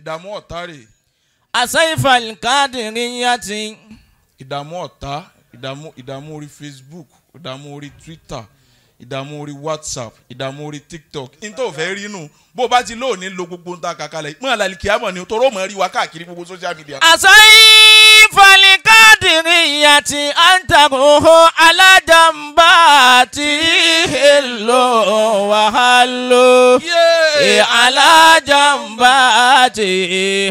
ìdààmú ọ̀tá rè. àṣàyífà káàdìrí yá ti. ìdààmú ọ̀tá ìdààmú ìdààmú orí Facebook ìdààmú orí Twitter ìdààmú orí WhatsApp ìdààmú orí TikTok n tó fẹ́ rí nù bó o bá ti lóòní lo gbogbo ń ta kàkálẹ̀ mọ́ àlàlì kìámọ̀ ni toró mọ́ rí wa káàkiri gbogbo social media. àṣàyí qadiriyati an takuhu ho jambati hillu wa hallu ala jambati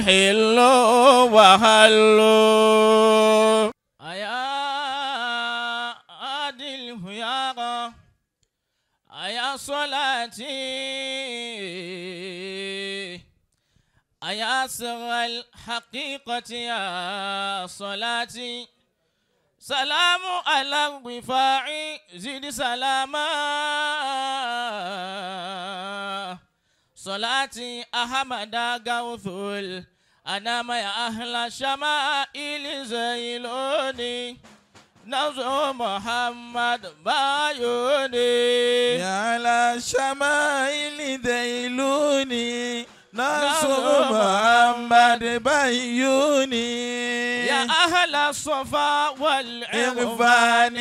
hillu wa hallu aya adil huyaqa aya solati يا سر الحقيقة يا صلاتي سلام على الرفاع زد سلاما صلاتي أحمد غوثل أنام يا أهل الشمائل زيلوني نظر محمد بايوني يا على الشمائل ذيلوني نصر محمد بيوني يا أهل الصفا والعرفان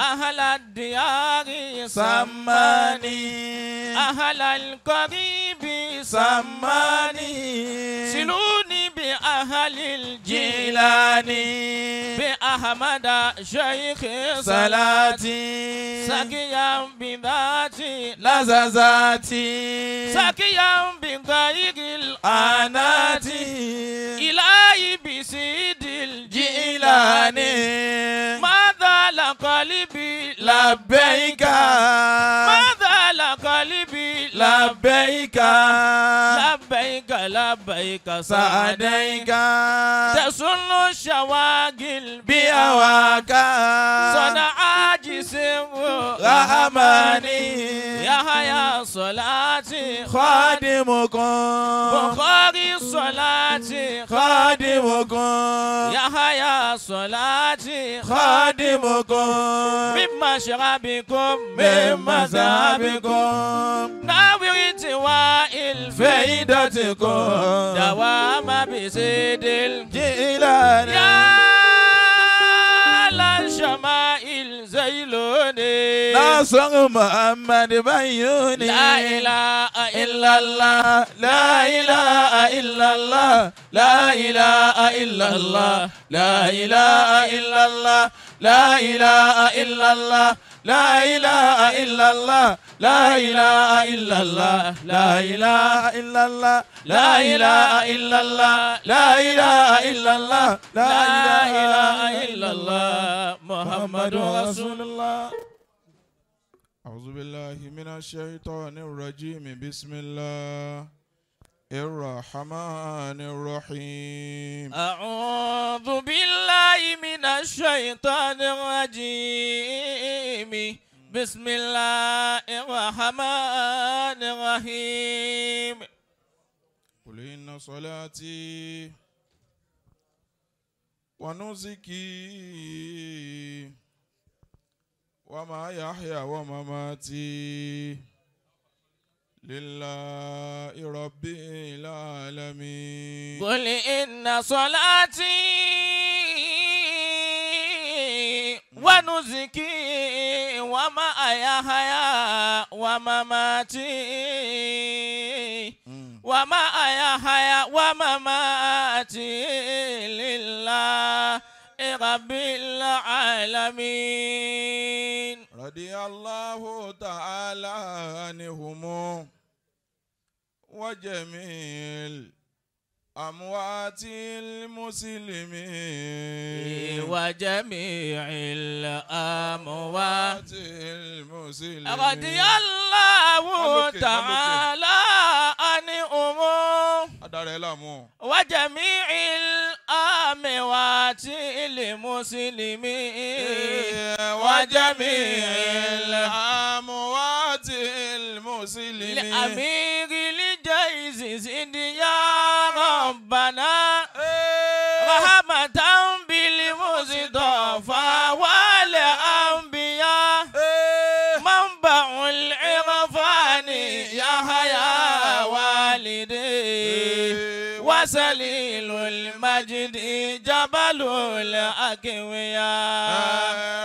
أهل الديار سماني أهل القريب سماني سلوني بأهل الجيلاني أحمد شيخ صلاتي سقيا بذاتي لززاتي سقيا بضيق القناة إلهي بسيد الجيلان ماذا لقلبي لبيك ماذا قلبي لبيك لبيك لبيك سعديك تسن الشواغل بأواك صنع جسم رحماني يا هيا صلاتي خادمكم بخاري صلاتي خادمكم يا هيا صلاتي خادمكم مشربكم من مذهبكم ناورتوا الفيدتكم دوام بسيد الجيلان عيلوني ناصر محمد بيوني لا إله إلا الله لا إله إلا الله لا إله إلا الله لا إله إلا الله لا إله إلا الله لا إله إلا الله لا إله إلا الله لا إله إلا الله لا إله إلا الله لا إله إلا الله لا إله إلا الله محمد رسول الله أعوذ بالله من الشيطان الرجيم بسم الله الرحمن الرحيم أعوذ بالله من الشيطان الرجيم بسم الله الرحمن الرحيم قل إن صلاتي ونسكي وما يحيى ومماتي لله رب العالمين قل إن صلاتي ونسكي ومأي حيا ومماتي ومأي حيا ومماتي لله رب العالمين رضي الله تعالى عنهم وجميل أموات المسلمين وجميع الأموات المسلمين رضي الله تعالى عنهم وجميع الأموات المسلمين وجميع الأموات المسلمين لأمير الجيش زديا وسليل المجد جبل الأقوياء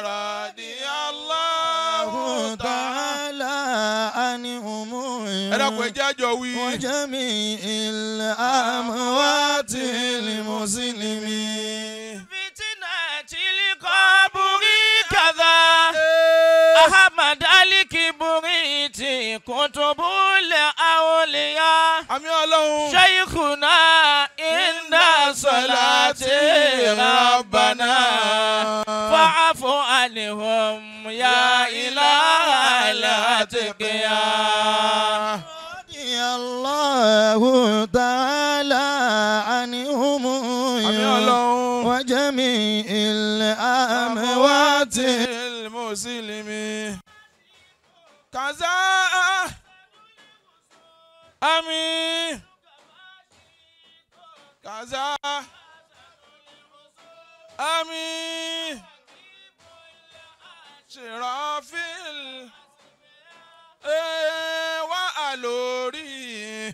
رضي الله تعالى عنهم وجميع الأموات المسلمين فتنة القبر كذا أحمد علي bùrìtì kùtùbùlẹ̀ àwòlíyá. àmì ọlọ́run. ṣẹ́yìkùnà ìndà sọ̀láàtì rabbana. fàáfù àlehùn ya ilá àlàtìkìyà. Allahu ta'ala anihum wa jami'il amwati al-muslimin Kaza, ami Kaza, ami shirafil ee wa alori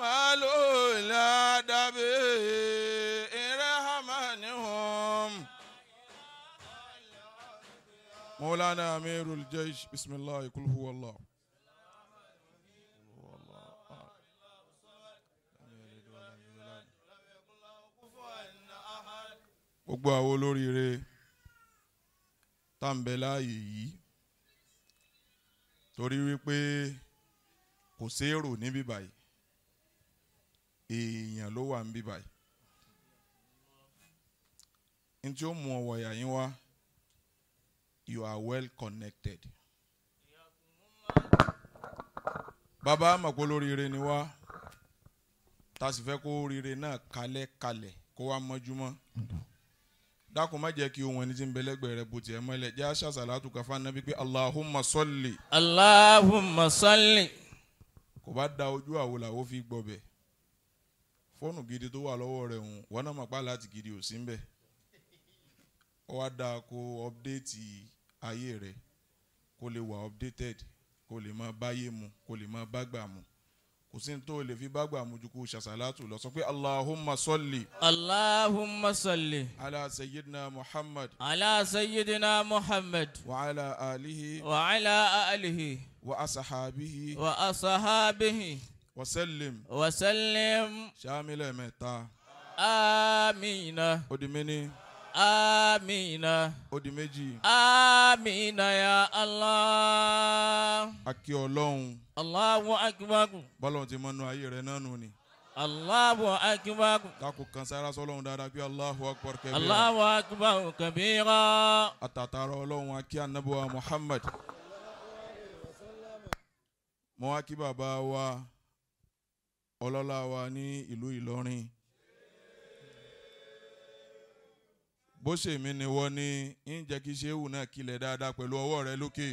malo ladabe. مولانا أمير الجيش بسم الله يقول هو الله gbogbo àwọn olóríire tá yìí torí wípé kò séèrò ní wa èèyàn ló wà ń bíbáyìí ní tí ó you are well connected. Baba mọ̀ rire ni wa. ta sì fẹ́ kó oríire náà kalẹ̀ kalẹ̀ kó wá mọ́júmọ́ dákun má jẹ́ kí ohun ẹni tí ń bẹ lẹ́gbẹ̀ẹ́ rẹ bó tiẹ̀ mọ́lẹ̀ jẹ́ aṣàṣàlátù kan fún anabi pé Allahumma salli. Allahumma salli. kò bá da ojú àwo làwo fi gbọbẹ̀ fóònù gidi tó wà lọ́wọ́ rẹ̀ hùn wọn náà mọ̀ pá láti gidi O sí ń bẹ̀ ọ wá dáa kó ayé rẹ kó lè wà updated kó lè máa báyé mu kó lè máa bágbà mu kò sí ní tó lè fi bágbà mu ju kó ṣàṣàlátù lọ sọ pé allahumma sọlì. allahumma sọlì. ala sayyidina muhammad. ala sayyidina muhammad. wa ala alihi. wa ala alihi. wa asahabihi. wa asahabihi. wa sallim. wa sallim. ṣáà mi lẹ́ẹ̀mẹ́ta. amina. ó amina. ó di amina ya Allah. a kí ọlọ́run. Allahu akbar. bọ́lọ̀hún ti mọ́nú ayé rẹ̀ náà nù ni. Allahu akbar. Tako kan sára sọ́lọ́hún dáadáa bí Allahu akbar kabira. Allahu akbar kabira. Àtàtàrà ọlọ́run akí anabuwa Muhammad. Mo wá kí bàbá wa ọlọ́lá wa ní ìlú Ìlọrin. bó ṣe mí ni wọ́n ní ń jẹ́ kí ṣéwù náà kílẹ̀ dáadáa pẹ̀lú ọwọ́ rẹ lókè.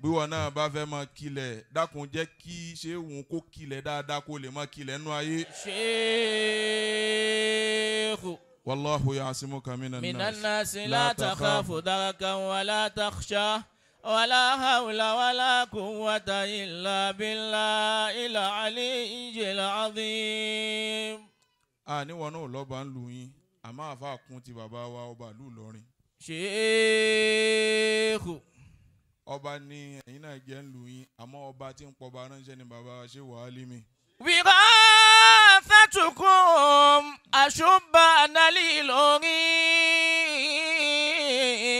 bí wọn náà bá fẹ́ máa kílẹ̀ dákun jẹ́ kí ṣéwù kó kílẹ̀ dáadáa kó lè máa kílẹ̀ nú ayé. ṣéèkù. wàláhu ya'simuka minan nas. minan nas la takhafu darakan wala takhsha. ولا حول ولا قوة إلا بالله العلي العظيم a níwọ náà lọ́ba ń lu yín àmọ́ àfa kún ti bàbá wa ọba ìlú Ìlọrin. ṣéèkù. ọba ni ẹ̀yin náà jẹ́ ń lu yín àmọ́ ọba tí ń pọba ránṣẹ́ ni bàbá ṣé wàá lé mi. wíwá. حدثتكم أشب أنا لي لغي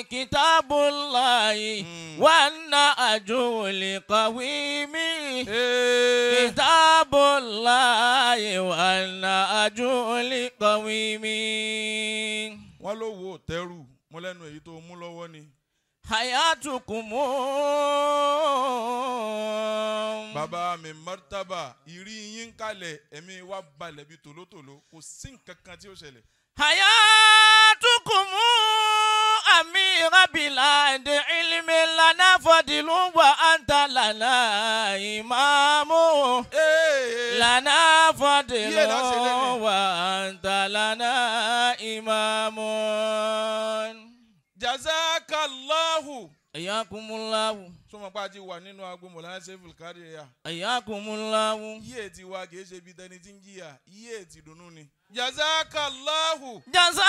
كتاب الله وأن أجو لقويم كتاب الله وأن أجو لقويم wọ́n ló wo tẹ́rù mọ́lẹ́nu èyí tó mú lọ́wọ́ ni hayatukum. bàbá mi martaba ìrí yín kalẹ̀ ẹ̀mí wa balẹ̀ bíi tòlótòló kò sí nǹkan kan tí ó ṣẹlẹ̀. hayatukum àmì ìrábìlà èdè ìlímì lànà fọdìlú wà áńtà lànà ìmáàmù. lànà fọdìlú wà áńtà lànà ìmáàmù. jaza. Allahu. Ayakumullahu. Súnmọ́ pa ti wà nínú agbo Mọ̀lá Ṣéfìl Kádìríyà. Ayakumullahu. Yíyẹ ti wa kìí ṣe bíi tẹni tí ń jìyà, yíyẹ ti dùnnú ni. Jazakallahu. Jazakallahu.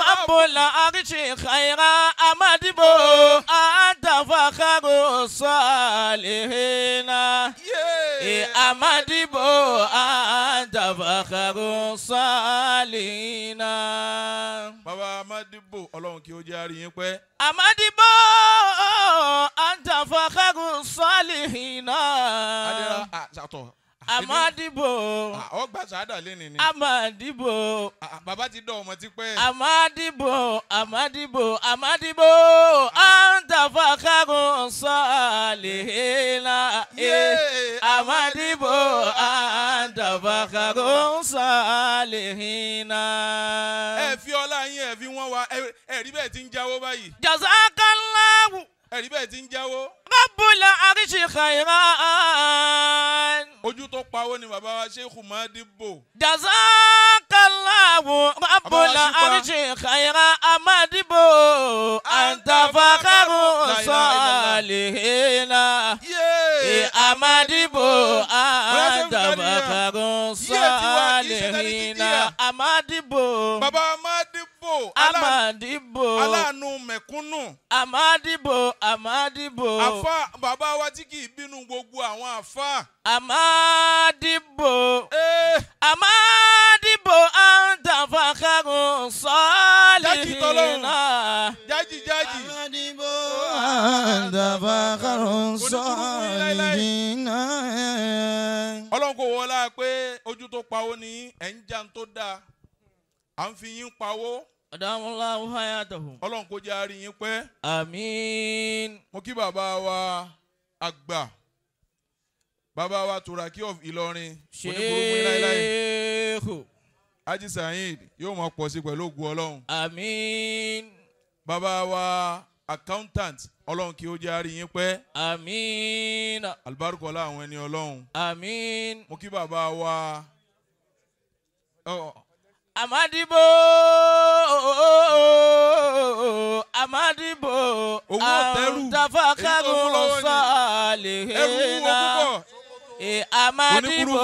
Rabbul Arshi Khaira Amadibo. Adafakaru Salihina. E amadibo Adafakaru Salihina. Bàbá amadibo ọlọ́run kí ó jẹ́ àárín yín pẹ́. amadibo àǹtàfà kágun sọ́ọ̀lì hìnnà. adéra ah, àtọ̀ àmọ́ dìbò. ọ gbà sàádà lẹ́nu ni. àmọ́ dìbò. bàbá ti dán ọmọ ti pẹ́. àmọ́ dìbò àmọ́ dìbò àmọ́ dìbò àǹtàfà kágun sọ̀lẹ́hìnà. àmọ́ dìbò àǹtàfà kágun sọ̀lẹ́hìnà. ẹ fi ọlá yín ẹ fi wọn wá ẹ rí bẹ́ẹ̀ ti ń jáwó báyìí. jọ̀sán kan láwù. ẹ bẹ́ẹ̀ ti ń jáwó rabbula arishi khairan. ojú tó pawó ni bàbá wa Sheikh Modibo. jazakallahu rabbula arishi khairan amadibo antafakaru amadi bo. antafakaru salihina amadibo. bàbá amadibo. amadibo amadibo Mekunu mẹ̀kúnnù. amadibo amadibo. Afa Baba wa tí Ibinu gbogbo àwọn afa. amadibo. Eh. amadibo àǹtàfà kẹrùn sọ́ọ̀lì náà. jájì Jaji jaji. jájì. amadibo àǹtàfà kẹrùn sọ́ọ̀lì náà. ọlọ́run kò wọlá pé ojú tó pa ni ní ẹ̀ ń jà tó dáa à ń fi yín pawó Adamulahu hayatahum. Ọlọ́run kó jẹ́ àárín yín pẹ́. Àmín. Mo kí bàbá wa àgbà. Bàbá wa Turaki of Ìlọrin. Ṣéèkù. Haji Saheed yóò máa pọ̀ sí pẹ̀lú ògùn Ọlọ́run. Àmín. Bàbá wa accountant Ọlọ́run kí ó jẹ́ àárín yín pẹ́. Àmín. Àlùbárùkọ́lá àwọn ẹni Ọlọ́run. Àmín. Mo kí bàbá wa. Oh amadibo amadibo àǹtafakagun sọ̀lẹ́hìnà amadibo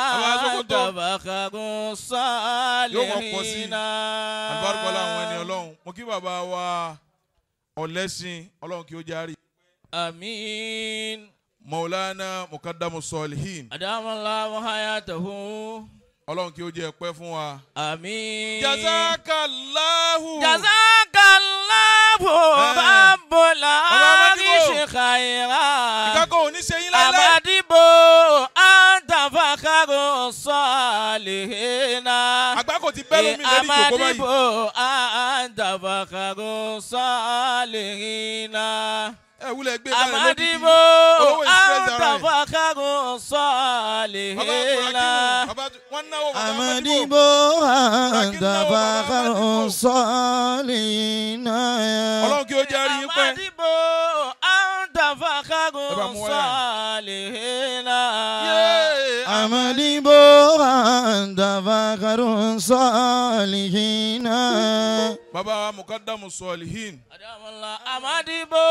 àǹtafakagun sọ̀lẹ́hìnà. alùpàdùpàlà àwọn ẹni ọlọ́run mo kí bàbá wa ọ̀lẹ́sìn ọlọ́run kí ó járe. àmín. maulana mukadamu sọ̀lẹ́hìn. adamu allah muhayatahu ọlọ́run kí ó jẹ́ pẹ́ fún wa. àmín. jazakallahu. jazakallahu eh. bambula aliṣe khaira. ìkákọ̀ òní ṣe yín lálẹ́. àmàdìbò àǹtàfàkàrò sọ̀lìhìnà. àgbákò ti bẹ́ẹ̀ lómi lórí ìjòkó báyìí. àmàdìbò àǹtàfàkàrò sọ̀lìhìnà ẹ wúlẹ̀ gbé báyìí lókìkí amadibo àtàfàkàrò sọ̀lìhìnà amadibo adabakaro sọ́ọ̀lì náà. ọlọ́run kí o jẹ́ àrí yín pẹ́. amadibo adabakaro sọ́ọ̀lì náà. amadibo adabakaro sọ́ọ̀lì náà. bàbá wa mukadamu sọ́ọ̀lì. amadibo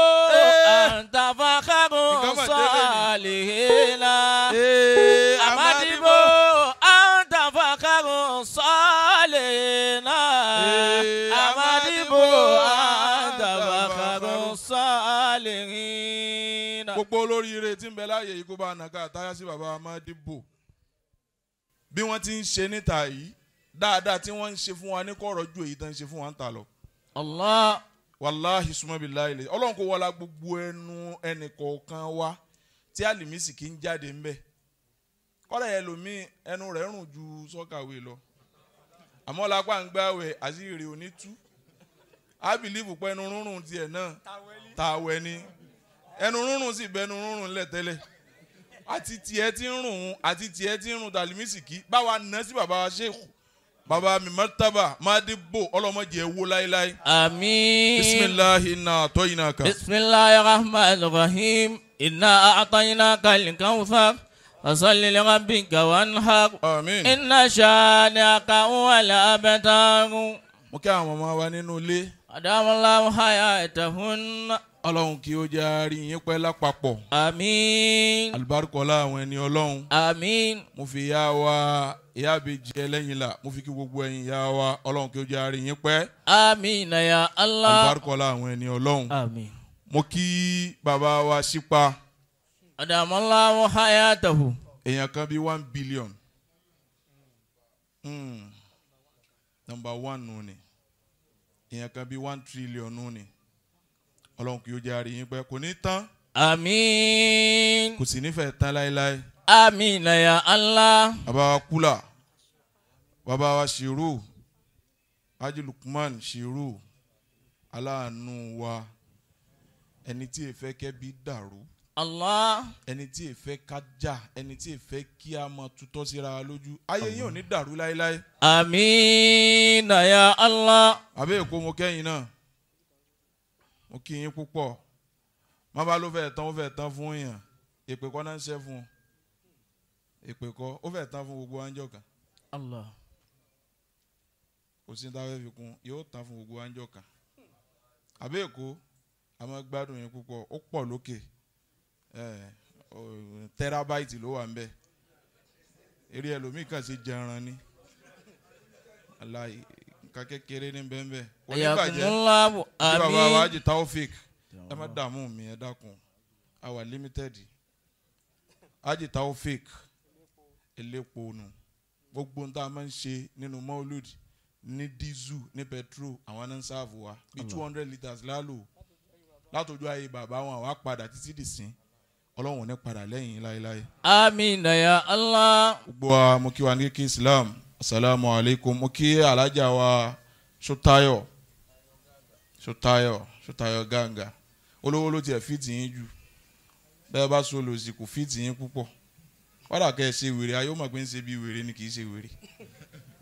adabakaro sọ́ọ̀lì náà. amadibo. ذكر صالحنا أمد بو أنت ذكر صالحنا gbogbo olóríire tí ń bẹ láàyè yìí kó bá nàka àtayá sí baba amadibo bí wọ́n ti ń ṣe níta yìí dáadáa tí wọ́n ń ṣe fún wa ní kọ̀rọ̀ ju èyí tó ń ṣe fún wa ń ta lọ. Allah wàláhi sumabi láìlè ọlọ́run kò wọlá gbogbo ẹnu ẹnì kọ̀ọ̀kan wa tí àlìmísì kì í jáde ń bẹ̀ kọ́lẹ̀ ẹlòmíì ẹnu rẹ̀ rùn ju sọ́kàwé lọ àmọ́ lápá ń gbáwẹ̀ àṣírí onítú á bìlíìfù pé ẹnu rúnrún tiẹ̀ náà tàwẹ̀ ni ẹnu rúnrún sì bẹnu rúnrún lẹ̀ tẹ́lẹ̀ àti tiẹ̀ ti ń rùn àti tiẹ̀ ti ń rùn tàlímísìkì báwa nà sí bàbá wa ṣéèkù baba mi martaba madibo ọlọmọdé wo láéláé. àmín. bisimilahi inna àtọ́ yìí náà kan. bisimilahi rahman rahim inna àtọ́ yìí náà kan lè kàn fún. وصل لربك وانحر آمين إن شانئك هو الأبتر mo kí àwọn ọmọ wa nínú ilé. àdámọ́lá háyà ẹ̀tẹ̀hún. ọlọ́run kí ó jẹ́ àárín yín pẹ́ lápapọ̀. àmín. àlùbáríkọ́lá àwọn ẹni ọlọ́run. àmín. mo fi ìyá wa bi àbèjì ẹlẹ́yìn la mo fi kí gbogbo ẹ̀yin ìyá wa ọlọ́run kí ó jẹ́ àárín yín pẹ́. àmín nàyà Allah. àlùbáríkọ́lá àwọn ẹni ọlọ́run. àmín. mo kí bàbá wa sípa. Si àdàmọ́lá wọn háyà tàbù. èèyàn kan bíi one billion hmm. Number one nù ni èèyàn kan bíi one trillion nù ni ọlọ́run kì yóò jẹ́ àrí yín pẹ́ kò ní tán. àmín. kò sì nífẹ̀ẹ́ tán láéláé. àmín nàyà Allah. Baba wa kúlà bàbá wa ṣèrú Haji Lukman ṣèrú aláàánú wa ẹni tí èèfẹ́ kẹ́bi dàrú. Allah. ẹni tí èfẹ́ ká jà ẹni tí èfẹ́ kí a máa tutọ́ síra lójú ayé yín ní dàrú láéláé. àmín ya Allah. àbẹ́ èkó mo kẹ́yìn náà mo kí yín púpọ̀ má bá ló fẹ́ẹ̀ tán ó fẹ́ẹ̀ tán fún yàn èpè kọ́ náà ń ṣẹ́ fún un èpè kọ́ ó fẹ́ẹ̀ tán fún gbogbo àńjọ kan. Allah. kò sí ní táwọn fẹ́ fi kún yóò tán fún gbogbo àńjọ kan àbẹ́ èkó a máa gbádùn yín púpọ̀ ó pọ̀ lókè. Okay Eh, oh, tẹ́rábáìtì ló wà ń bẹ̀ eré ẹlòmíì kan ṣe jẹran ni alayi nǹkan kékeré ní bẹ́ẹ̀nbẹ́ kò ní bàjẹ́ bí bàbá wa jì taofik ẹ má dààmú mi ẹ dákun a wà limited ajì taofik elépo nu gbogbo ń tá a máa ń ṣe nínú maulud ní diesel ní petrol àwọn náà ń sáàfù wa bí two hundred litres lálò látọjú ayé bàbá wọn àwa padà títí dìsín ọlọ́run ò ní padà lẹ́yìn láéláé. amina ya Allah. gbogbo wa mo kí wa ní kí islam asalaamu alaykum mo kí alájà wa sotayo sotayo sotayo ganga olówó ló tiẹ̀ fìtì yín jù bẹ́ẹ̀ bá so lòsì kò fìtì yín púpọ̀ kọ́dà kẹ́ ẹ ṣe wèrè ayé ó ń ṣe bí wèrè ni kì í ṣe wèrè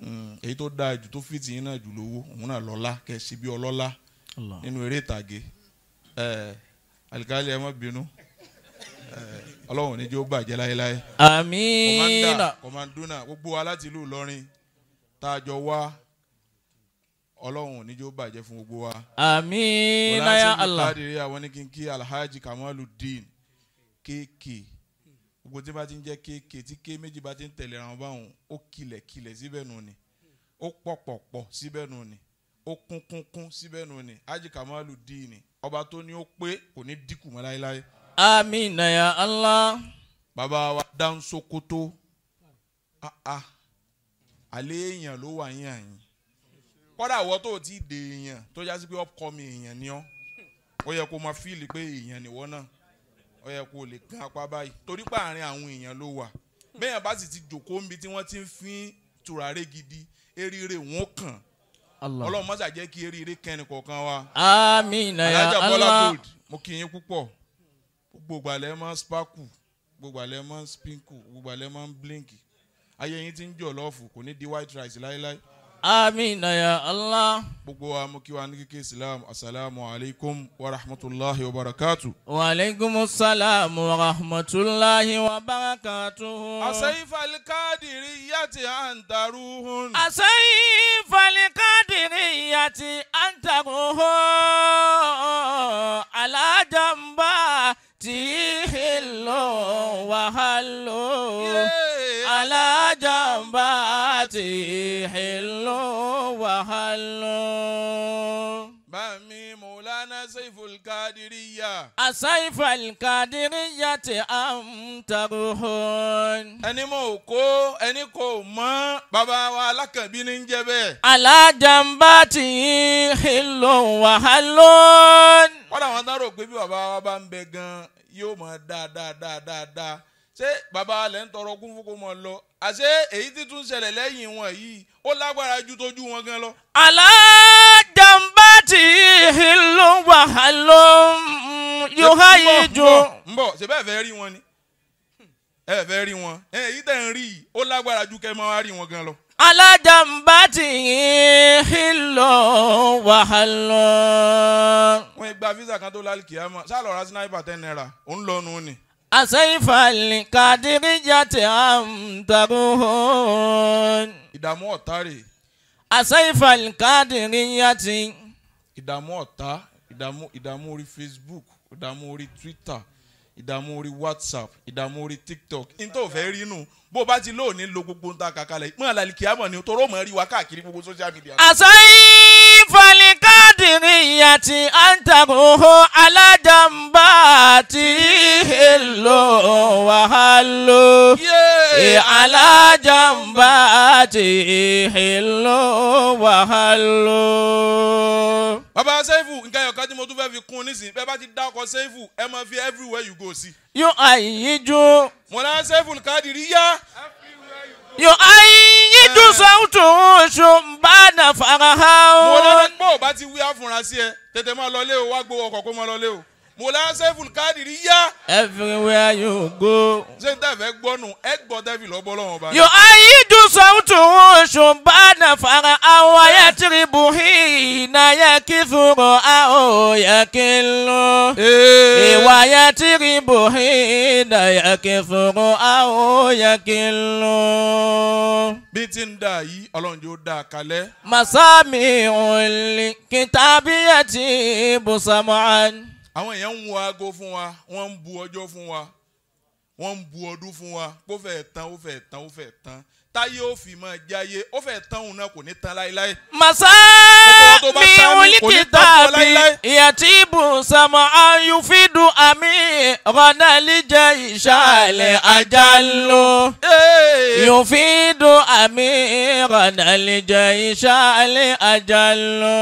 hmm, èyí tó dáa jù tó fìtì yín náà jù lówó òun náà lọ́lá kẹ́ ẹ ṣe bí ọlọ́lá nínú eré ìtàgé ẹ̀ àlìkálẹ̀ ẹ má bínú. Eh, ọlọ́run ní jẹ́ ó gbàjẹ́ láéláé. àmín. kọ̀mándúnà gbogbo wa láti ìlú ìlọrin tá a jọ wá ọlọ́run ní jẹ́ bàjẹ́ fún gbogbo wa. àmín náírà allah. wọ́n á sẹ́yìn àwọn ní kí n kí alhaji kamaludeen kéèké gbogbo tí bá ti ń jẹ́ kéèké tí ké méjì bá ti ń tẹ̀lé ra wọn báwọn ó kilẹ̀ kilẹ̀ síbẹ̀ nù ni ó pọ̀pọ̀pọ̀ síbẹ̀ nù ni ó kún kún kún síbẹ̀ nù ni haji kamaludeen ọba tó ní ó pé kò ní dínkù mọ́ láéláé amina ya Allah. bàbá wa dán sokoto ah ah àlẹ́ èèyàn ló wà yín àyìn kọ́dà àwọ̀ tó ti dè èèyàn tó já sí pé upcoming èèyàn ni ọ́ ó yẹ kó máa fíìlì pé èèyàn nìwọ náà ó yẹ kó lè gan apá báyìí torí pé àárín àwọn èèyàn ló wà bẹ́ẹ̀ bá sì ti jòkó níbi tí wọ́n ti ń fín tùràrí gidi eríire wọn kàn ọlọ́run má ṣá jẹ́ kí eríire kẹ́ni wa. àmín ya Allah alájà bọ́lá gold mo kí yín púpọ̀. gbogbo ìgbà lẹ máa ń sparkle gbogbo ìgbà lẹ máa ń sprinkle gbogbo ìgbà lẹ máa ń blink ayé yín ti ń jọ lọ́ọ̀fù kò ní di white rice láéláé. amina ya allah. gbogbo wa mú kí wa ní kíkẹ́ islam asalaamu alaykum wa rahmatulahi wa barakatu. wa aleykum salaam wa rahmatulahi wa barakatu. asayi falikadiri yati antaruhun. asayi falikadiri yati antaruhun. alajamba. tí hìlò wàhálò alájàmbá tí hìlò wàhálò. Bami Maulana Saiful Kadiriya. A Saiful Kadiriya ti amtaruhun. Ẹni mo kó ẹni kò mọ́ Baba wa alákànbí ní jẹ́ bẹ́ẹ̀. Alájàmbá ti hìlò wàhálò. Wọ́n dà wọ́n dárò pé bí bàbá wa bá ń bẹ gan-an yóò mọ dáadáa dáadáa dáa ṣé bàbá alẹ́ ń tọrọ kún fún kó mọ lọ àṣé èyí tí tún ṣẹlẹ̀ lẹ́yìn wọn yìí ó lágbára ju tójú wọn gan lọ. alájàmbátì ló ń wà á ló yóò há yìí jù. ń ṣe bẹ́ẹ̀ fẹ́ rí wọn ni ẹ fẹ́ rí wọn èyí tẹ̀ ń rí ó lágbára ju kẹ́ máa rí wọn gan lọ. alájàmbátì hìlọ̀ wàhálọ̀. wọ́n gba visa kan tó lálẹ́ kìámà sáà lọ ra sniper ten naira òun lọ́nu ni. àṣeyìfàlì kàdíríjà tí a ń tarun. ìdààmú ọ̀tá rè. àṣeyìfàlì kàdíríjà tí. ìdààmú ọ̀tá Facebook ori Twitter ìdààmú orí whatsapp ìdààmú orí tiktok n tó fẹ́ rí nù bó bá ti lóòní lo gbogbo ń ta kàkálẹ̀ mọ́ àlàlìkì àmọ̀ ni toró mọ̀ rí wa káàkiri gbogbo social media. àsọyìn fọlíkádìrí ìyàtì àǹtàkùnhó aládàmbà àti èlò wàhálò aládàmbà àti èlò wàhálò baba seifu nǹkan ẹ̀yọ̀kan tí mo tún fẹ́ fi kún un nísìnyí bẹ́ẹ̀ bá ti dá ọkọ seifu ẹ máa fi everywhere you go sí. yóò àyíyí jó. mọ̀lá seifu kadiri yá. yóò àyíyí jó sọ́wọ́tò ṣùgbọ́n farahan. mọ̀lá pọ̀ bá ti wí àfúrásì ẹ tètè máa lọ lé o wá gbowó ọkọ̀ kó máa lọ lé o mọ̀lá seifu kadiri yá. everywhere you go. ṣé n tẹ̀fẹ̀ gbọ́nù ẹ gbọ́ tẹ́fì lọ́bọ́ lọ́wọ́ bá. yóò àyíyí jó كان يكفر أو يكل إيوا يترب حين يكفر أو يكل bí ti ń dà yìí ọlọ́run yóò dà kalẹ̀. masami òǹlì kìtàbíyàtì bùsàmọ́án. àwọn èèyàn ń wo aago fún wa wọ́n ń bu ọjọ́ fún wa wọ́n ń bu ọdún fún wa kó fẹ́ tán ó fẹ́ tán ó fẹ́ tán táyé ó fi máa jáyé ó fẹ́ tán òun náà kò ní tán láéláé. masami mi olùkìtà bí ìyàtí ibùsàmọ̀ ayùfídùn àmì rọ̀nàlíjẹ ìṣàlẹ̀ àjálù. yùfídùn àmì rọ̀nàlíjẹ ìṣàlẹ̀ àjálù.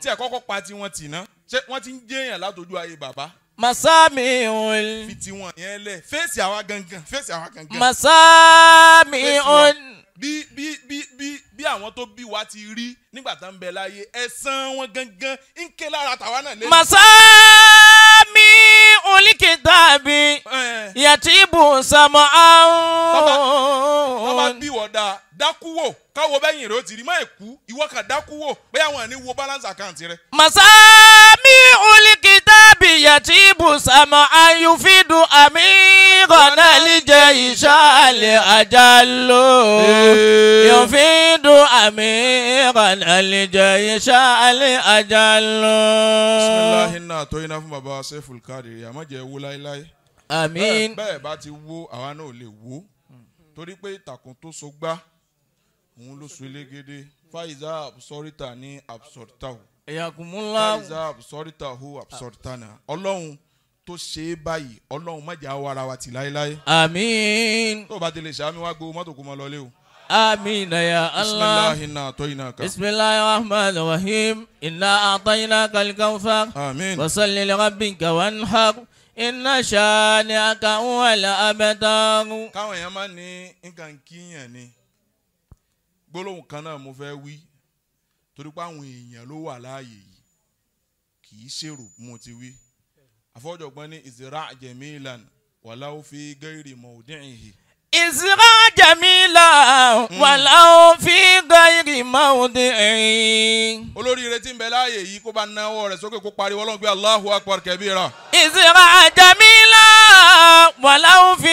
tí ẹ kọ́kọ́ pa tí wọ́n ti ná ṣé wọ́n ti ń jẹ́yàn látọjú ayé bàbá masami on. fi tiwọn yẹn lẹ fèsì àwa gangan fèsì àwa gangan. masami on bí bí bí bí bí àwọn tó bí wa ti rí nígbà tá ń bẹ láyé ẹ̀san wọn gangan ń ké lára tàwa náà lé. masami olikitabi yatibu sama'an dákúwò káwo bẹ́yìn rẹ ó ti rí má èkú ìwọ kan dákúwò bẹ́ẹ̀ àwọn àní wo balance account rẹ. masami ulikitabi yatibu sama ayufidu ami kọnẹlijẹ ìṣàlẹ àjálò yufidu ami kọnẹlijẹ ìṣàlẹ àjálò. bisimilahi náà tó iná fún baba seful kadiri àmọ́jẹ́ wú láéláé. àmín. bẹ́ẹ̀ bá ti wó àwa náà lè wó hmm. torí pé ìtàkùn tó so gbá òun ló sun elégédé faiza absorita ní absoritahu ẹ̀yàkùnmúlá faiza absoritahu absoritana ọlọ́run tó ṣe é báyìí ọlọ́run má jà wàrà wa tì láéláé. àmín. tó o bá ti ṣàmì wá gbowó mọ́tò kó mọ lọlé o. آمين يا الله بسم الله إنا أعطيناك بسم الله الرحمن الرحيم إنا أعطيناك الكوثر آمين وصل لربك وانحر إن شانئك هو الأبتر káwọn èèyàn máa ní nǹkan kíyàn ni gbólóhùn kan náà mo fẹ́ wí torí pé àwọn èèyàn ló wà láàyè yìí kì í ṣèrò mo ti wí àfọwọ́jọ̀gbọ́n ní ìzìrá jẹ̀mílan wàláwó fi gẹ́rì mọ̀ọ́dẹ́yìn. ìzìrá jẹ̀mílan hmm. wàláwó fi gẹ́rì mọ̀ọ́dẹ́yìn. olóríire tí ń bẹ láàyè yìí kó bá náwó rẹ̀ sókè kó pariwo ọlọ́run pé Allahu akbar kabira. ìzìrá jẹ̀mílan wàláwó fi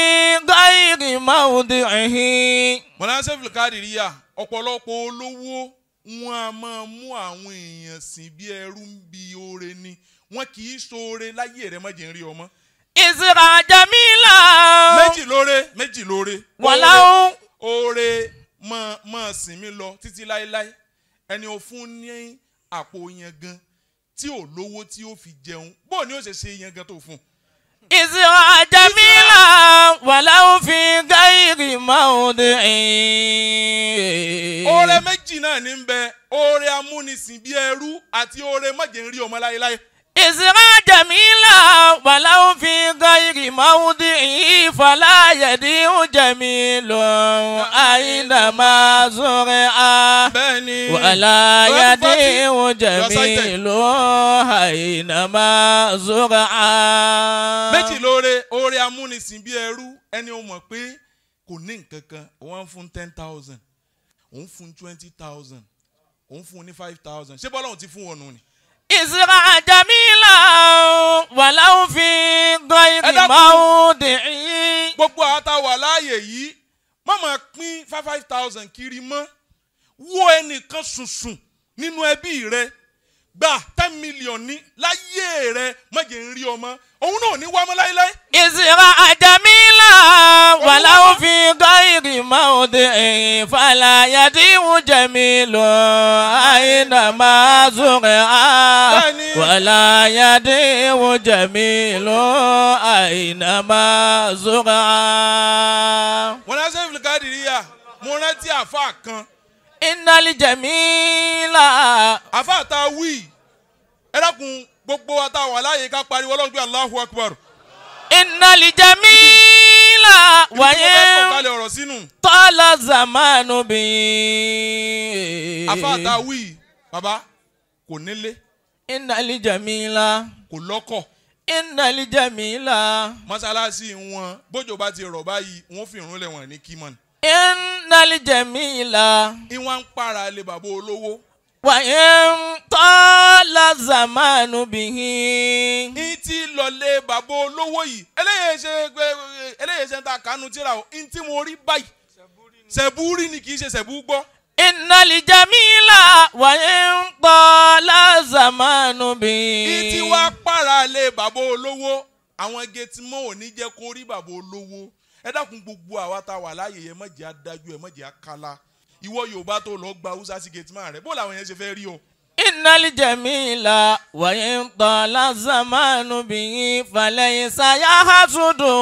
gẹ́rì mọ̀ọ́dẹ́yìn. mọ̀lá sẹ́fìlì káàdì ríyà ọ̀pọ̀lọpọ̀ olówó wọn a máa mú àwọn èèyàn sìn bí ẹrú ń bi oore ni wọn kì í ṣoore láyé rẹ mọ̀jẹ̀ ń rí ọmọ. ìsirà jamila. méjì lóore méjì lóore. wàlá o. oore máa sìn mí lọ títí láéláé ẹni o fún ní àpò yangan tí ò lówó tí ó fi jẹun bó ni ó ṣe ṣe yangan tó fún. ìsirà jamila wàláwù fi gáírì máwùdì ẹ̀. oore méjì náà ní bẹ oore amúnisìn bí ẹrú àti oore májèǹrí ọmọ láyéláyé. إسراج ميلا ولو في غير موضعه فلا يديع جميل أينما زرع ولا يديع جميل أينما زرع. méjì lóore oore amúnisìn bí ẹrú ẹni o mọ̀ pé kò ní nǹkan kan wọ́n fún ten thousand òun fún twenty thousand òun five thousand ṣé bọ́lá òun إزرع جميلا ولو في غير موضعي. gbogbo àtàwà láàyè yìí má pín five five thousand kiri mọ́ wo ẹnìkan sùnsùn nínú ẹbí rẹ gba ten million ní láyé rẹ mọ̀jẹ̀ ń rí ọmọ òun náà ní wámọ́ láéláé. ìsirà àjàmílà wàlá òfin gáírì máa ń de ẹ̀yìn fàlà yàtìwù jẹ̀mí lọ àyìnà máa zùrẹ̀ á wàlá yàtìwù jẹ̀mí lọ àyìnà máa zùrẹ̀ á. wọ́n á ṣe fìlìkà dìrí yà mo rántí àfa kan ìnáli jẹ̀mílà. àfa àta wí ẹ dákun gbogbo wa tá a wà láàyè ká pariwo ọlọ́run gbé Allahu Akbar. ìnáli jẹ̀mílà wáyé tọ́lá zamanu bí. àfa àta wí baba kò nílé. ìnáli jẹ̀mílà. kò lọ́kọ̀ ìnáli jẹ̀mílà. mọ́sálásí wọn bójú bá ti rọ̀ báyìí wọ́n fi ìrúnlẹ̀ wọn ní kímọ́ni ìnàlí jẹ̀mí la. ìwọ̀n ń para lè bàbá olówó. wàyẹ̀ ń tọ́ la zamanu bìí. n ti lọlé bàbá olówó yìí eléyìí ṣe eléyìí ṣe ń ta kánú tíra o n tí mo rí báyìí sẹ̀búrì ni kì í ṣe sẹ̀bú gbọ́. ìnàlí jẹ̀mí la wàyẹ̀ ń tọ́ la zamanu bìí. n ti para lè bàbá olówó àwọn gẹ̀tìmọ̀ ò ní jẹ́ kó rí bàbá olówó ẹ dákun gbogbo àwa tá a wà láàyè yẹn má adájú ẹ má jẹ́ ìwọ yorùbá tó lọ gba hausa sí gate man rẹ bó làwọn yẹn ṣe fẹ́ rí o. innal jamila wa in tala zamanu bihi falaysa yahsudu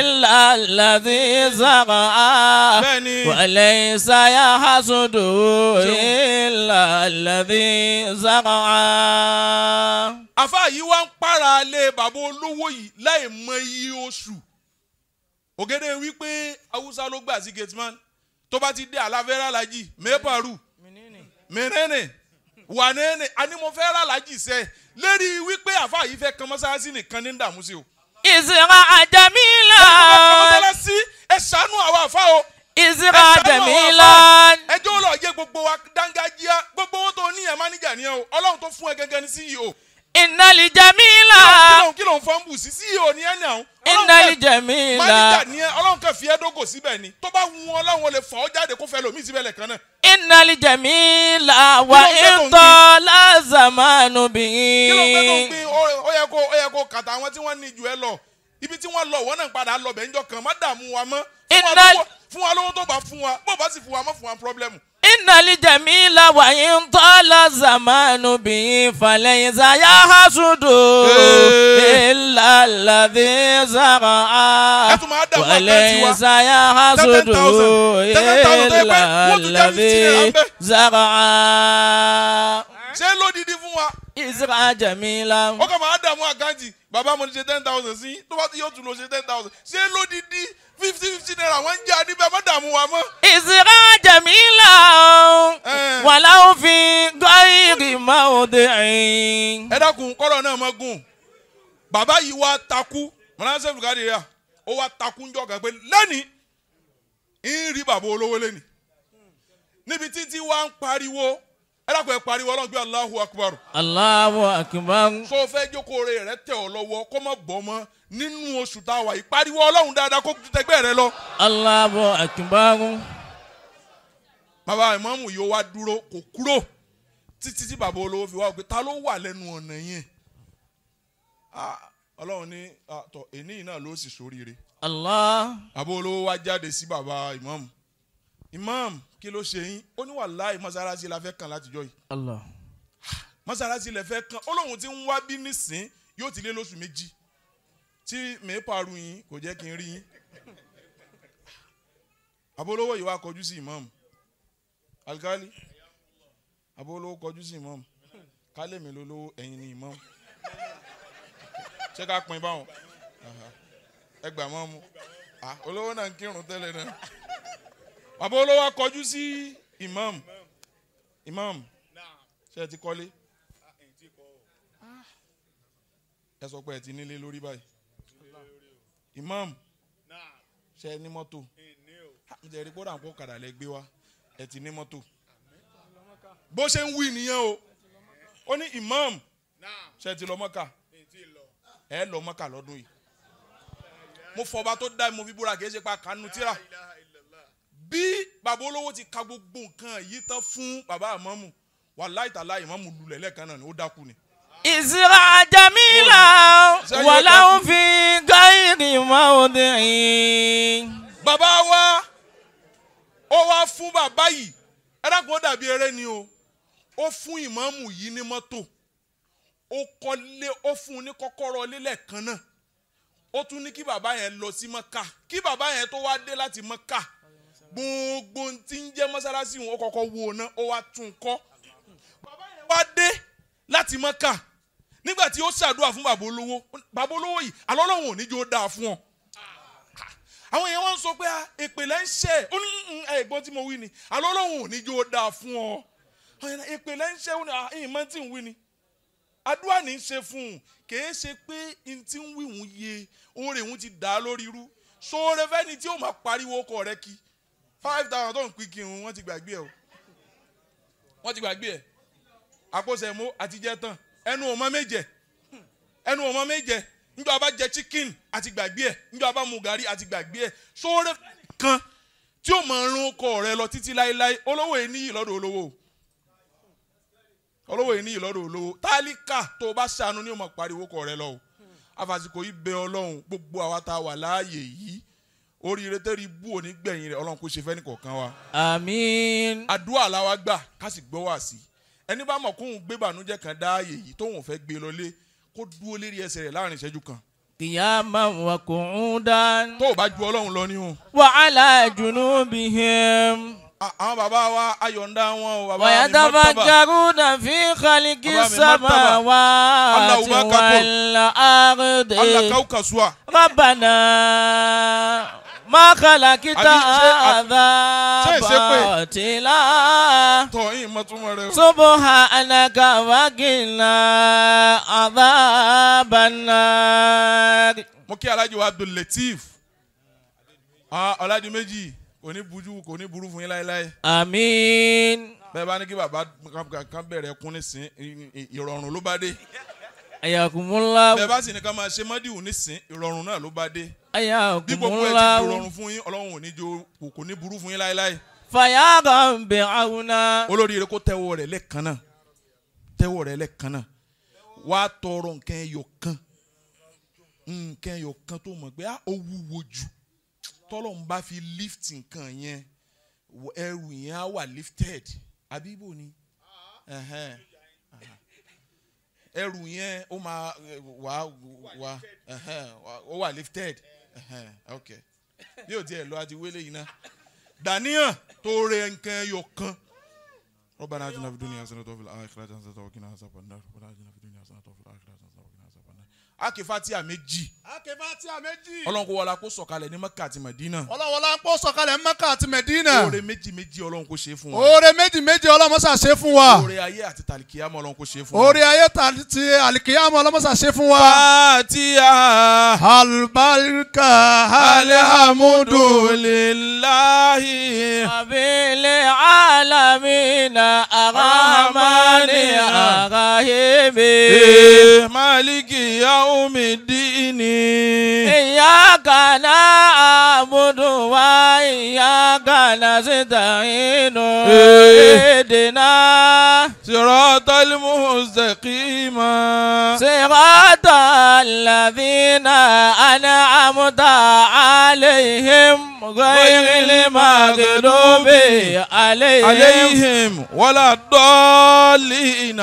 illa alladhi zaraa falaysa yahsudu illa alladhi zaraa. àfáà yìí wá ń para lé bàbá olówó yìí láì mọ iye oṣù ògèdè wípé haúsá ló gbà sí gateman tó bá ti dé aláfẹ́rẹ́ alájì mẹ́pàrú mẹ́rẹ́nẹ̀ wànẹ́nẹ̀ animọ̀fẹ́rẹ́ alájì sẹ́ lérí wípé àfa yìí fẹ́ kan mọ́sálásí nìkan ní dààmú sí o. ìsirà àjẹmílà. mọ́sálásí ẹ ṣàánú àwọn àfa o. ìsirà àjẹmílà. ẹjọ́ lọ yé gbogbo wa dángájíá gbogbo owó tó ní ẹ̀ máníjà ni ẹ o ọlọ́run tó fún ẹ gẹ́gẹ́ ní sí e o ìnàlì jẹ̀míìlà. kí ló ń fọ́n bù sí sí òní ẹ̀ náà. ìnàlì jẹ̀míìlà. máníjà ni ọlọ́run kan fi ẹ́ dógò síbẹ̀ ni tó bá wù ọlọ́run ó lè fọ́ ọ jáde kó fẹ́ lòmíì síbẹ̀ lẹ̀kan náà. ìnàlì jẹ̀míìlà wà ìtọ́ lázàmánu bìí. kí ló ń fẹ́ tó ń gbin ó yẹ kó kàtà àwọn tí wọ́n ní ju ẹ lọ ibi tí wọ́n lọ wọ́n náà padà lọ bẹ́ẹ̀ ń jọ kàn má dààmú wa mọ́ fún wa lówó tó bá fún wa bó bá sì fún wa mọ́ fún wa pírọ́blẹ́mù innal jamila wa in tala zamanu bi falaysa ya hasudu eh. illa alladhi zara'a walaysa ya hasudu illa alladhi ṣé lódìdí fún wa. isra jamila. ó kàn máa dààmú àkáǹtì bàbá mo ti ṣe ten thousand sí tó bá ti yóò tún lọ ṣe ten thousand ṣé lódìdí fifty fifty naira wọ́n ń jẹ́ àdìbẹ́ má dààmú wa mọ́. isra jamila wàlá òfin gbáyìrì máa ò dé ẹ̀yìn. ẹ dákun kọ́rọ̀ náà mọ́ gùn bàbá yìí wá takú mọ̀láṣẹ́ fúlùkárì rẹ̀ ó wá takú ń jọ kàn pé lẹ́nìí ń rí bàbá olówó lẹ́nìí níbi títí wá ń pariwo ẹ dákun ẹ pariwo ọlọ́run gbé Allahu Akbar. Allahu Akbar. sọ fẹ́ jókòó rẹ rẹ tẹ̀ ọ́ lọ́wọ́ kó má bọ́ mọ́ nínú oṣù tá a wà yìí pariwo ọlọ́run dáadáa kó tẹgbẹ́ rẹ lọ. Allahu Akbar. bàbá ìmọ̀mù yìí ó wá dúró kò kúrò títí tí bàbá olówó fi wá pé ta ló wà lẹ́nu ọ̀nà yẹn ọlọ́run ní tọ èyí náà ló sì sóríire. Allah. bàbá olówó wá jáde sí bàbá ìmọ̀mù ìmọ̀mù kí ló ṣe yín ó ní wàláhì mọ́sálásí la fẹ́ kàn látijọ́ yìí. Allah. mọ́sálásí lẹ fẹ́ kàn ó lóun ti ń wá bí nísìn yóò ti lé lóṣù méjì tí mẹ́pàrú yín kò jẹ́ kí n rí yín. abolówó yìí wá kọjú sí imam alikali abolówó kọjú sí imam kálẹ̀ mi ló lówó ẹ̀yin ni imam ṣé ká pin báwọn ẹgbàá mọ́ mu ah, olówó náà ń kírun tẹ́lẹ̀ náà bàbá olówó akọjú sí imam imam ṣe ti kọ́lé ẹ sọ pé ẹ ti nílé lórí báyìí imam ṣe ní mọ́tò nítorí kódà kó kàdà lẹ gbé wa ẹ ti ní mọ́tò bó ṣe ń wí nìyẹn o ó ní imam ṣe ti lọ mọ́kà ẹ lọ mọ́kà lọ́dún yìí mo fọba tó dá mo fi búra kì í ṣe pa kánú tíra bí bàbá olówó ti ka gbogbo nǹkan yìí tán fún bàbá àmọ́mù wàláì tàlá ìmọ̀mù lulẹ̀ lẹ́ẹ̀kan náà ni ó dákú ni. ìsirà jamila wàlá ń gáírì mọ́ọ̀dẹ́rìn. bàbá wa ó wá fún bàbá yìí ẹ dákun ó dàbí eré ni o ó fún ìmọ̀mù yìí ní mọ́tò ó kọ́lé ó fún un ní kọ́kọ́rọ́ lélẹ̀ kan náà ó tún ní kí bàbá yẹn lọ sí mọ́kà kí bàbá yẹn tó wá dé láti mọ́kà gbogbo tí ń jẹ́ mọ́sálásí wọn kọ́kọ́ wo ná ó wá tún kọ́ bàbá yẹn wá dé láti mọ́kà nígbà tí ó ṣàdúrà fún bàbá olówó bàbá olówó yìí alọ́lọ́wọ̀n ò ní jó dáa fún ọ àwọn èèyàn wọn sọ pé ah, èpèlè ń ṣe ó ní ẹ̀gbọ́n mm, mm, eh, tí mo wí ni alọ́lọ́wọ̀n ò ní jó dáa fún ọ èpèlè ń ṣe ó ní ah, ìmọ̀ tí ń wí ni àdúrà ní í ṣe fún un kìí ṣe pé n tí ń wí òun yé oore òun ti dà lórí irú sóore fẹ́ni tí ó máa pariwo ọkọ rẹ kí five thousand tó ń pín kí n wọ́n ti gbàgbé ẹ̀ o wọ́n ti gbàgbé ẹ̀ àpòsẹ̀mú àtijẹ́ tán ẹnu ọmọ méje ẹnu ọmọ méje njọ abá jẹ chicken àti gbàgbé ẹ njọ abá mu gàrí àti gbàgbé ẹ sóore kan tí ó máa rún ọkọ rẹ lọ títí láéláé olówó yìí níyì lọ́dọ̀ olówó olówó yìí níyì lọ́dọ̀ olówó tálíkà tó o bá ṣàánú ni ó máa pariwo ọkọ rẹ lọ o àfàsìkò yìí bẹ Ọlọ́run gbogbo àwa tá a wà láàyè yìí oríire tẹ́rí bú òní gbẹ̀yìn rẹ̀ ọlọ́run kò ṣe fẹ́ ní kọ̀ọ̀kan wa. àmín. àdúrà làwa gbà ká sì gbọ́ wá sí i ẹni bá mọ̀ kóun gbé bànújẹ́ kan dá ààyè yìí tóun fẹ́ gbé lọlé kó dúró lérí ẹsẹ̀ rẹ̀ láàrin ìṣẹ́jú kan. qiyaman wa qu'udan. tó o bá ju ọlọ́run lọ ní o. wa ala junubihim. àwọn bàbá wa ayọ̀ǹda wọn o bàbá mi mọ́tàbà. wayatafakkaruna fi khalikis samawati wal ardi mákàlá kíta àdábà tìlá. tọ́yìn mọ́túmọ̀ rẹ. subuha anaka wagina àdábànà. mo kí alájọ wa Abdul Latif ọ̀làdìmẹ́jì kò ní bujú kò ní burú fún yín láéláé. àmín. bẹ́ẹ̀ bá ní kí bàbá kan bẹ̀rẹ̀ kún nísìnyí ìrọ̀rùn ló bá dé ayakumula. bẹ́ẹ̀ bá sì ní ká máa ṣe mọ́díwù nísìn ìrọ̀rùn náà ló bá dé. ayakumula. bí gbogbo ẹ ti rọrùn fún yín ọlọ́run ò ní jo kò ní burú fún yín láéláé. fàyà kan bẹ̀ àwọn náà. olórí rẹ kó tẹ́wọ́ rẹ̀ lẹ́ẹ̀kan náà tẹ́wọ́ rẹ̀ lẹ́ẹ̀kan náà wàá tọrọ nǹkan ẹyọ kan nǹkan ẹyọ kan tó mọ̀ pé ah, ó wúwo jù tọ́lọ̀ ń bá fi lift nǹkan yẹn ẹrù yẹn á wà lifted àbí bò ni. Uh-huh. Uh-huh ẹrù yẹn ó máa wà wà ó wà lifted ok bí ò tiẹ̀ lọ àti wélé yìí náà dàníyàn tó rẹ nǹkan ẹyọ kan. ربنا آتنا في الدنيا حسنة وفي الآخرة حسنة وقنا عذاب النار ربنا آتنا في الدنيا حسنة وفي الآخرة akefatia méjì. akefatia méjì. ọlọ́run kò wọlá kó sọ̀kalẹ̀ ní mẹ́kà àti mẹ́dínà. ọlọ́run wọlá kó sọ̀kalẹ̀ ní mẹ́kà àti mẹ́dínà. oore méjì méjì ọlọ́run kó ṣe fún wa. oore méjì méjì ọlọ́run mọ́sà ṣe fún wa. oore ayé àti tàlìkìyàmọ́ ọlọ́run kó ṣe fún wa. oore ayé àti àlìkìyàmọ́ ọlọ́run mọ́sà ṣe fún wa. fàtíà albarika alihamudulilahi abili alamina aramani arahimi maliki yawo. يوم الدين إياك نعبد وإياك نستعين اهدنا صراط المستقيم صراط الذين أنعمت عليهم غير المغلوب عليهم, عليهم ولا الضالين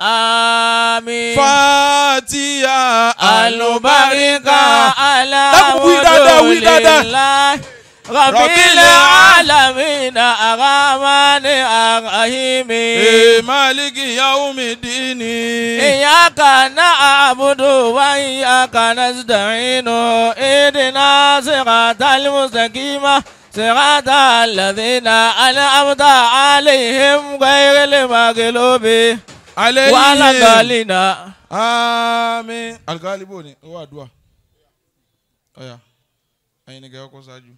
Àmín. Fatiha alubarika alhamdulillah. Rabbil alamin arhamani arahimi. Maliki yaumidini. Iyaka na'budu wa iyaka nasta'inu. Idina siratal mustaqima. صراط الذين أنعمت عليهم غير المغلوب alẹ́ yìí wàhálà gàálì náà. ami aligali bò ní owó àdúrà ọ̀yà ẹ̀yin ni gẹ̀ẹ́ ọkọ̀ ṣáájú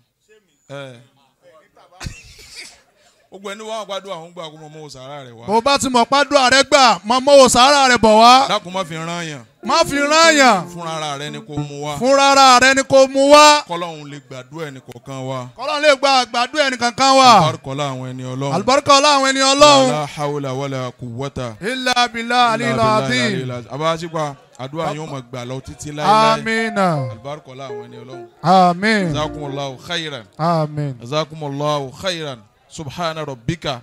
gbogbo ẹni wá gbàdúrà òun gbà kó mọ mọ́wọ́ sàárà rẹ̀ wá. bó bá ti mọ̀ gbàdúrà rẹ̀ gbà mọ mọ́wọ́ sàárà rẹ̀ bọ̀ wá. dákun má fi rán yàn. má fi rán yàn. fúnra rẹ̀ ni kò mú wá. fúnra rẹ̀ ni kò mú wá. kọ́lọ́hún lè gbàdúrà ẹnì kọ̀ọ̀kan wa. kọ́lọ́hún lè gba gbàdúrà ẹnì kankan wa. alùbáríkọ̀lá àwọn ẹni ọlọ́run. alùbáríkọ̀lá àwọn ẹni ọlọ́run. la àdúrà yóò máa gbà lọ títí láéláé. amiina. alibarikọla àwọn ẹni ọlọ́run. amiin. jazakumullahu khairan. amiin. jazakumullahu khairan subhana rabbika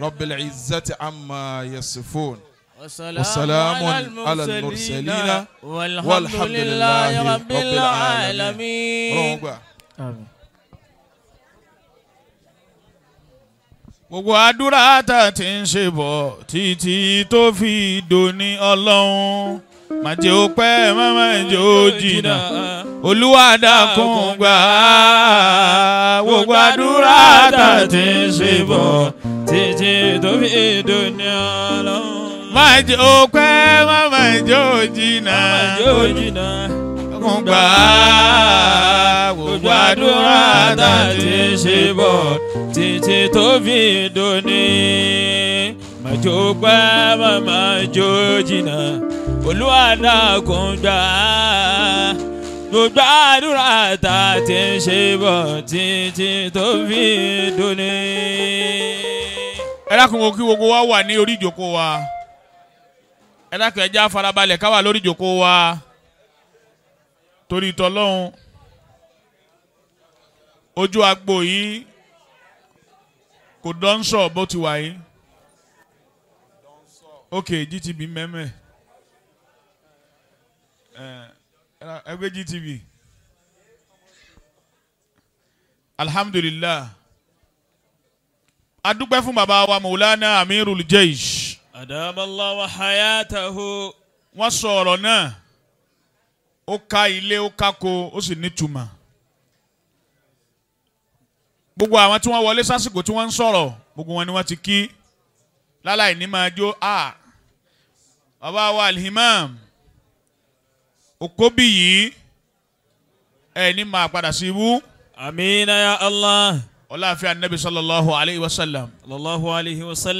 rabbil izzati amma yasifun. وسلام على المرسلين والحمد لله رب العالمين آمين gbogbo àdúrà tá a ti ń ṣe bọ̀ títí tó fi dòní ọlọ́run má jẹ́ ó pẹ́ má má jẹ́ ó jìnnà olúwa dákun gbà á gbogbo àdúrà tá a ti ń ṣe bọ̀ títí tó fi dòní ọlọ́run. má ó pẹ́ má má jẹ́ gbà gbogbo àdúrà tá a ń ṣe bọ̀ títí tó fi dòní. má jẹ́ ó pẹ́ má má jẹ́ Olúwa dákun gbà á gbogbo àdúrà tá a ti ń ṣe bọ̀ títí tó fi dúni. ẹ dákun kí gbogbo wa wà ní orí ìjókòó wa ẹ dákun ẹ já farabalẹ̀ ká wà lórí ìjókòó wa torí tọlọ́hun ojú agbo yìí kò dán bó ti wà yìí ok GTB mẹ́mẹ́ ẹgbẹ́jì eh, eh, tv alhamdulilah adúpẹ́ fún bàbá wa maulana amirul jeish. adamallah wa hayatahu. wọ́n sọ ọ̀rọ̀ náà ó ka ilé ó káko ó sì nítumọ̀ gbogbo àwọn tí wọ́n wọlé sásìkò tí wọ́n ń sọ̀rọ̀ gbogbo wọn ni wọ́n ti kí láláì ní máa jó a ah! bàbá wa alhimam òkóbì yìí ẹ ní máa padà sí ibú. àmín ya Allah. ọlá àfihàn nabi sallallahu alayhi wa sallam. sallallahu alayhi wa sallam.